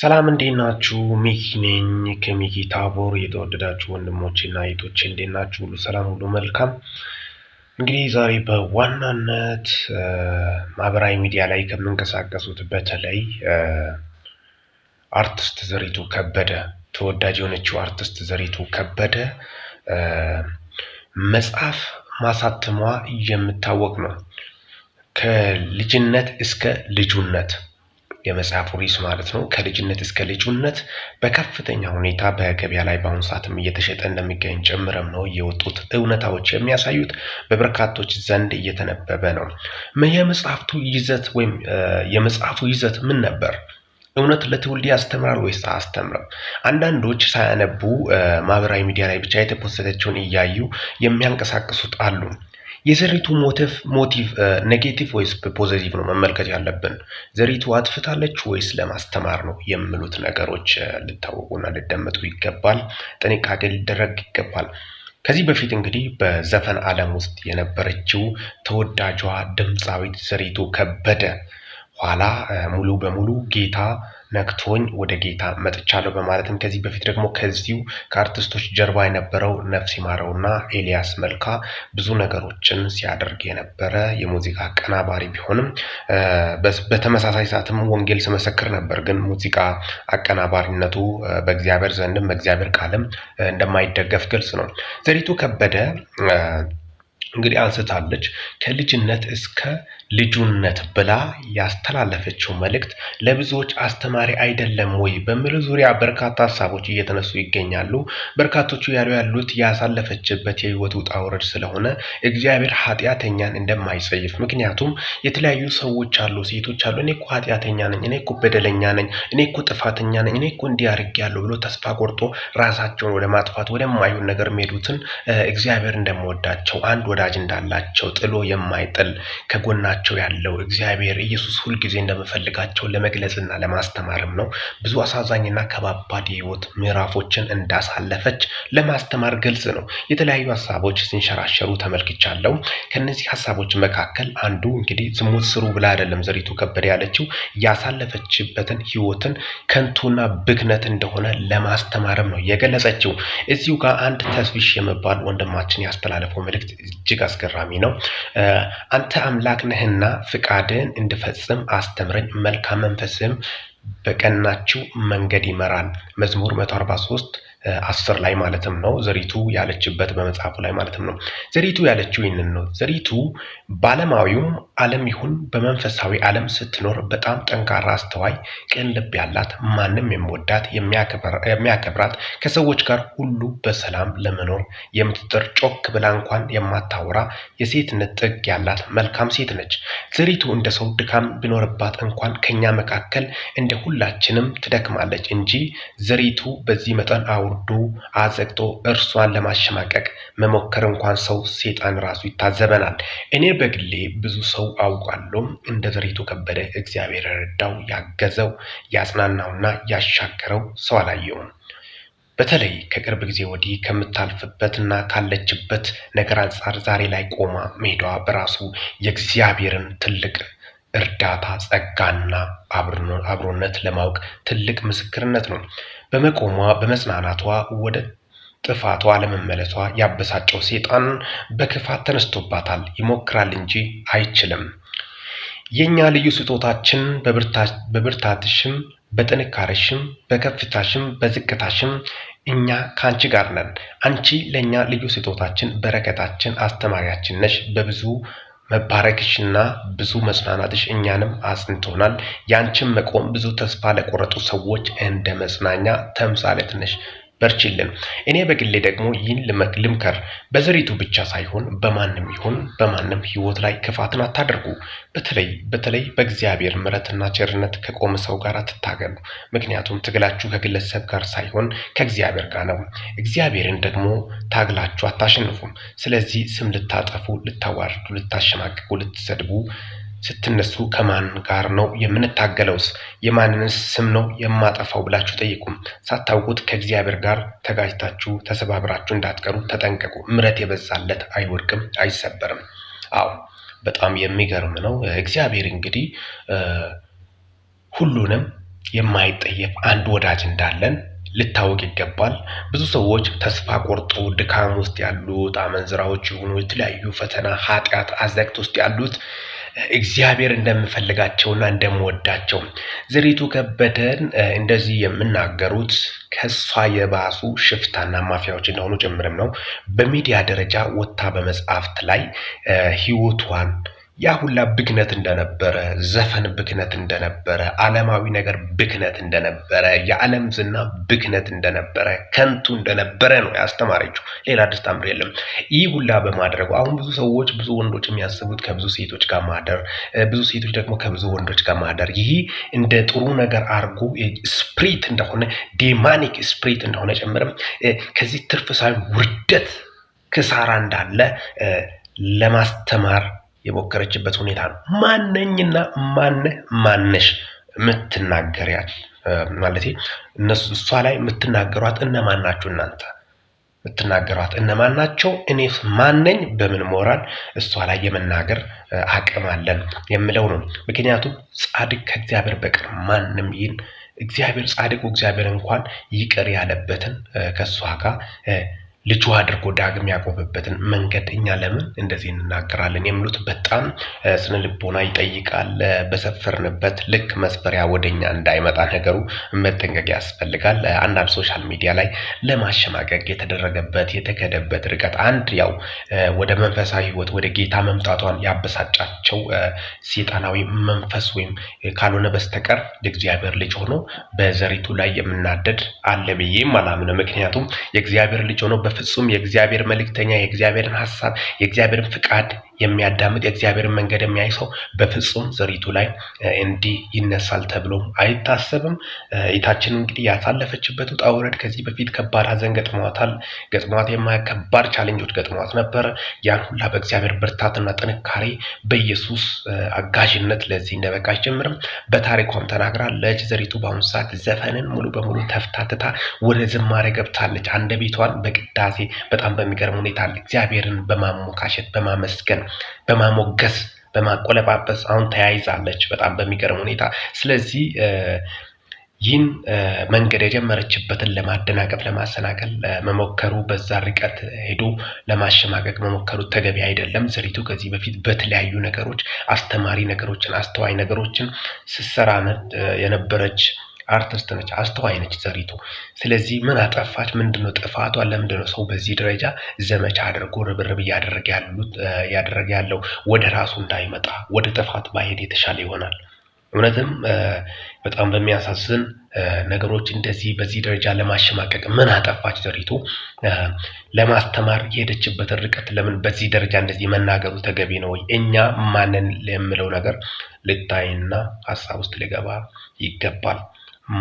ሰላም እንዴት ናችሁ? ሚኪ ነኝ ከሚኪ ታቦር። የተወደዳችሁ ወንድሞቼና እህቶቼ እንዴት ናችሁ? ሁሉ ሰላም፣ ሁሉ መልካም። እንግዲህ ዛሬ በዋናነት ማህበራዊ ሚዲያ ላይ ከምንቀሳቀሱት በተለይ አርቲስት ዘሪቱ ከበደ ተወዳጅ የሆነችው አርቲስት ዘሪቱ ከበደ መጽሐፍ ማሳተሟ የምታወቅ ነው። ከልጅነት እስከ ልጁነት የመጽሐፉ ርዕስ ማለት ነው ከልጅነት እስከ ልጁነት በከፍተኛ ሁኔታ በገበያ ላይ በአሁኑ ሰዓትም እየተሸጠ እንደሚገኝ ጭምርም ነው የወጡት እውነታዎች የሚያሳዩት በበርካቶች ዘንድ እየተነበበ ነው። የመጽሐፍቱ ይዘት ወይም የመጽሐፉ ይዘት ምን ነበር? እውነት ለትውልድ ያስተምራል ወይስ አያስተምርም? አንዳንዶች ሳያነቡ ማህበራዊ ሚዲያ ላይ ብቻ የተፖሰተችውን እያዩ የሚያንቀሳቅሱት አሉ። የዘሪቱ ሞቲቭ ሞቲቭ ኔጌቲቭ ወይስ ፖዘቲቭ ነው መመልከት ያለብን። ዘሪቱ አጥፍታለች ወይስ ለማስተማር ነው የሚሉት ነገሮች ልታወቁና ልደመጡ ይገባል። ጥንቃቄ ሊደረግ ይገባል። ከዚህ በፊት እንግዲህ በዘፈን ዓለም ውስጥ የነበረችው ተወዳጇ ድምፃዊት ዘሪቱ ከበደ ኋላ ሙሉ በሙሉ ጌታ ነክቶኝ ወደ ጌታ መጥቻለሁ በማለትም ከዚህ በፊት ደግሞ ከዚሁ ከአርቲስቶች ጀርባ የነበረው ነፍስ ይማረውና ኤልያስ መልካ ብዙ ነገሮችን ሲያደርግ የነበረ የሙዚቃ አቀናባሪ ቢሆንም በተመሳሳይ ሰዓትም ወንጌል ስመሰክር ነበር። ግን ሙዚቃ አቀናባሪነቱ በእግዚአብሔር ዘንድም በእግዚአብሔር ቃልም እንደማይደገፍ ግልጽ ነው። ዘሪቱ ከበደ እንግዲህ አንስታለች ከልጅነት እስከ ልጁነት ብላ ያስተላለፈችው መልእክት ለብዙዎች አስተማሪ አይደለም ወይ በሚል ዙሪያ በርካታ ሀሳቦች እየተነሱ ይገኛሉ። በርካቶቹ ያሉ ያሉት ያሳለፈችበት የህይወት ውጣ ውረድ ስለሆነ እግዚአብሔር ኃጢአተኛን እንደማይጸይፍ ምክንያቱም የተለያዩ ሰዎች አሉ፣ ሴቶች አሉ። እኔ እኮ ኃጢአተኛ ነኝ፣ እኔ እኮ በደለኛ ነኝ፣ እኔ እኮ ጥፋተኛ ነኝ፣ እኔ እኮ እንዲያርግ ያለው ብሎ ተስፋ ቆርጦ ራሳቸውን ወደ ማጥፋት ወደማይሆን ነገር የሚሄዱትን እግዚአብሔር እንደመወዳቸው አንድ ወዳጅ እንዳላቸው ጥሎ የማይጥል ከጎና እያደረጋቸው ያለው እግዚአብሔር ኢየሱስ ሁልጊዜ እንደምፈልጋቸው ለመግለጽና ለማስተማርም ነው። ብዙ አሳዛኝና ከባባድ የህይወት ምዕራፎችን እንዳሳለፈች ለማስተማር ግልጽ ነው። የተለያዩ ሀሳቦች ሲንሸራሸሩ ተመልክቻለሁ። ከነዚህ ሀሳቦች መካከል አንዱ እንግዲህ ዝሙት ስሩ ብላ አይደለም ዘሪቱ ከበደ ያለችው ያሳለፈችበትን ህይወትን ከንቱና ብክነት እንደሆነ ለማስተማርም ነው የገለጸችው። እዚሁ ጋር አንድ ተስቢሽ የመባል ወንድማችን ያስተላለፈው መልእክት እጅግ አስገራሚ ነው። አንተ አምላክ ነህ እና ፍቃድን እንድፈጽም አስተምረኝ መልካም መንፈስም በቀናችው መንገድ ይመራል። መዝሙር 143 አስር ላይ ማለትም ነው ዘሪቱ ያለችበት በመጽሐፉ ላይ ማለትም ነው። ዘሪቱ ያለችው ይህንን ነው። ዘሪቱ ባለማዊውም ዓለም ይሁን በመንፈሳዊ ዓለም ስትኖር በጣም ጠንካራ፣ አስተዋይ፣ ቅን ልብ ያላት፣ ማንም የሚወዳት የሚያከብራት፣ ከሰዎች ጋር ሁሉ በሰላም ለመኖር የምትጥር፣ ጮክ ብላ እንኳን የማታወራ የሴትነት ጥግ ያላት መልካም ሴት ነች። ዘሪቱ እንደ ሰው ድካም ቢኖርባት እንኳን ከኛ መካከል እንደ ሁላችንም ትደክማለች እንጂ ዘሪቱ በዚህ መጠን አውርዶ አዘግቶ እርሷን ለማሸማቀቅ መሞከር እንኳን ሰው ሴጣን ራሱ ይታዘበናል። እኔ በግሌ ብዙ ሰው አውቃለሁም እንደ ዘሪቱ ከበደ እግዚአብሔር ረዳው፣ ያገዘው፣ ያጽናናውና ያሻገረው ሰው አላየውም። በተለይ ከቅርብ ጊዜ ወዲህ ከምታልፍበትና ካለችበት ነገር አንጻር ዛሬ ላይ ቆማ መሄዷ በራሱ የእግዚአብሔርን ትልቅ እርዳታ ጸጋና አብሮነት ለማወቅ ትልቅ ምስክርነት ነው። በመቆሟ በመጽናናቷ ወደ ጥፋቷ አለመመለሷ ያበሳጨው ሴጣን በክፋት ተነስቶባታል። ይሞክራል እንጂ አይችልም። የእኛ ልዩ ስጦታችን በብርታትሽም፣ በጥንካሬሽም፣ በከፍታሽም፣ በዝቅታሽም እኛ ከአንቺ ጋር ነን። አንቺ ለእኛ ልዩ ስጦታችን፣ በረከታችን፣ አስተማሪያችን ነሽ። በብዙ መባረክሽና ብዙ መጽናናትሽ እኛንም አጽንቶናል። ያንቺን መቆም ብዙ ተስፋ ለቆረጡ ሰዎች እንደ መጽናኛ ተምሳሌት ነሽ። በርችልን። እኔ በግሌ ደግሞ ይህን ልምከር፣ በዘሪቱ ብቻ ሳይሆን በማንም ይሁን በማንም ህይወት ላይ ክፋትን አታደርጉ። በተለይ በተለይ በእግዚአብሔር ምረትና ቸርነት ከቆመ ሰው ጋር ትታገሉ። ምክንያቱም ትግላችሁ ከግለሰብ ጋር ሳይሆን ከእግዚአብሔር ጋር ነው። እግዚአብሔርን ደግሞ ታግላችሁ አታሸንፉም። ስለዚህ ስም ልታጠፉ፣ ልታዋርዱ፣ ልታሸማቅቁ፣ ልትሰድቡ ስትነሱ ከማን ጋር ነው የምንታገለውስ? የማንንስ ስም ነው የማጠፋው ብላችሁ ጠይቁ። ሳታውቁት ከእግዚአብሔር ጋር ተጋጅታችሁ ተሰባብራችሁ እንዳትቀሩ ተጠንቀቁ። ምሕረት የበዛለት አይወድቅም፣ አይሰበርም። አዎ በጣም የሚገርም ነው። እግዚአብሔር እንግዲህ ሁሉንም የማይጠየፍ አንድ ወዳጅ እንዳለን ልታወቅ ይገባል። ብዙ ሰዎች ተስፋ ቆርጦ ድካም ውስጥ ያሉት አመንዝራዎች የሆኑ የተለያዩ ፈተና ኃጢአት አዘቅት ውስጥ ያሉት እግዚአብሔር እንደምፈልጋቸውና እንደምወዳቸው ዝሪቱ ከበደን እንደዚህ የምናገሩት ከእሷ የባሱ ሽፍታና ማፊያዎች እንደሆኑ ጭምርም ነው። በሚዲያ ደረጃ ወጥታ በመጽሐፍት ላይ ህይወቷን ያ ሁላ ብክነት እንደነበረ፣ ዘፈን ብክነት እንደነበረ፣ ዓለማዊ ነገር ብክነት እንደነበረ፣ የዓለም ዝና ብክነት እንደነበረ፣ ከንቱ እንደነበረ ነው ያስተማረችው። ሌላ አዲስ ታምር የለም። ይህ ሁላ በማድረጉ አሁን ብዙ ሰዎች ብዙ ወንዶች የሚያስቡት ከብዙ ሴቶች ጋር ማደር፣ ብዙ ሴቶች ደግሞ ከብዙ ወንዶች ጋር ማደር ይህ እንደ ጥሩ ነገር አድርጎ ስፕሪት እንደሆነ ዴማኒክ ስፕሪት እንደሆነ ጨምርም ከዚህ ትርፍ ሳይሆን ውርደት ክሳራ እንዳለ ለማስተማር የሞከረችበት ሁኔታ ነው። ማነኝና ማነህ ማነሽ የምትናገሪያት ማለት እሷ ላይ የምትናገሯት እነማን ናችሁ? እናንተ የምትናገሯት እነማን ናቸው? እኔ ማነኝ? በምን ሞራል እሷ ላይ የመናገር አቅም አለን የምለው ነው። ምክንያቱም ጻድቅ ከእግዚአብሔር በቀር ማንም ይህን እግዚአብሔር ጻድቁ እግዚአብሔር እንኳን ይቅር ያለበትን ከእሷ ጋር ልጁ አድርጎ ዳግም ያቆመበትን መንገድ እኛ ለምን እንደዚህ እንናገራለን የሚሉት በጣም ስነ ልቦና ይጠይቃል። በሰፈርንበት ልክ መስፈሪያ ወደኛ እንዳይመጣ ነገሩ መጠንቀቅ ያስፈልጋል። አንዳንድ ሶሻል ሚዲያ ላይ ለማሸማቀቅ የተደረገበት የተከደበት ርቀት አንድ ያው ወደ መንፈሳዊ ሕይወት ወደ ጌታ መምጣቷን ያበሳጫቸው ሴጣናዊ መንፈስ ወይም ካልሆነ በስተቀር የእግዚአብሔር ልጅ ሆኖ በዘሪቱ ላይ የምናደድ አለ ብዬ አላምነ። ምክንያቱም የእግዚአብሔር ልጅ ሆኖ በፍጹም የእግዚአብሔር መልእክተኛ የእግዚአብሔርን ሀሳብ የእግዚአብሔርን ፍቃድ የሚያዳምጥ የእግዚአብሔርን መንገድ የሚያይ ሰው በፍጹም ዘሪቱ ላይ እንዲህ ይነሳል ተብሎ አይታሰብም። የታችን እንግዲህ ያሳለፈችበት ውጣ ውረድ ከዚህ በፊት ከባድ ሐዘን ገጥሟታል። ገጥሟት የማ ከባድ ቻሌንጆች ገጥሟት ነበር። ያን ሁላ በእግዚአብሔር ብርታትና ጥንካሬ በኢየሱስ አጋዥነት ለዚህ እንደበቃች ጀምርም በታሪኳም ተናግራለች። ዘሪቱ በአሁኑ ሰዓት ዘፈንን ሙሉ በሙሉ ተፍታትታ ወደ ዝማሬ ገብታለች። አንደ ቤቷን በቅዳሴ በጣም በሚገርም ሁኔታ እግዚአብሔርን በማሞካሸት በማመስገን በማሞገስ በማቆለጳጰስ አሁን ተያይዛለች በጣም በሚገርም ሁኔታ። ስለዚህ ይህን መንገድ የጀመረችበትን ለማደናቀፍ ለማሰናከል መሞከሩ በዛ ርቀት ሄዶ ለማሸማቀቅ መሞከሩ ተገቢ አይደለም። ዘሪቱ ከዚህ በፊት በተለያዩ ነገሮች አስተማሪ ነገሮችን አስተዋይ ነገሮችን ስትሰራ የነበረች አርቲስት ነች፣ አስተዋይ ነች ዘሪቱ። ስለዚህ ምን አጠፋች? ምንድነው ጥፋቷ? ለምንድነው ሰው በዚህ ደረጃ ዘመቻ አድርጎ ርብርብ እያደረገ ያለው? ወደ ራሱ እንዳይመጣ ወደ ጥፋት ባሄድ የተሻለ ይሆናል። እውነትም በጣም በሚያሳዝን ነገሮች እንደዚህ በዚህ ደረጃ ለማሸማቀቅ ምን አጠፋች ዘሪቱ? ለማስተማር የሄደችበትን ርቀት ለምን በዚህ ደረጃ እንደዚህ መናገሩ ተገቢ ነው ወይ? እኛ ማንን የምለው ነገር ልታይና ሀሳብ ውስጥ ሊገባ ይገባል።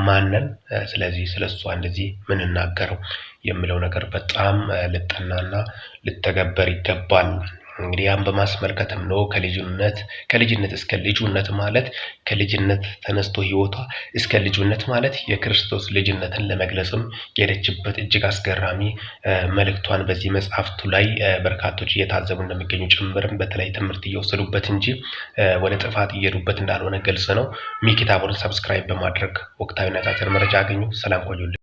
ማንን ስለዚህ ስለ እሷ እንደዚህ ምንናገረው የሚለው ነገር በጣም ልጠናና ልተገበር ይገባል። እንግዲህ ያን በማስመልከትም ነው ከልጅነት ከልጅነት እስከ ልጁነት ማለት ከልጅነት ተነስቶ ህይወቷ እስከ ልጁነት ማለት የክርስቶስ ልጅነትን ለመግለጽም የሄደችበት እጅግ አስገራሚ መልእክቷን በዚህ መጽሐፍቱ ላይ በርካቶች እየታዘቡ እንደሚገኙ ጭምርም በተለይ ትምህርት እየወሰዱበት እንጂ ወደ ጥፋት እየሄዱበት እንዳልሆነ ግልጽ ነው። ሚኪታቦርን ሰብስክራይብ በማድረግ ወቅታዊ አጫጭር መረጃ አገኙ። ሰላም ቆዩልኝ።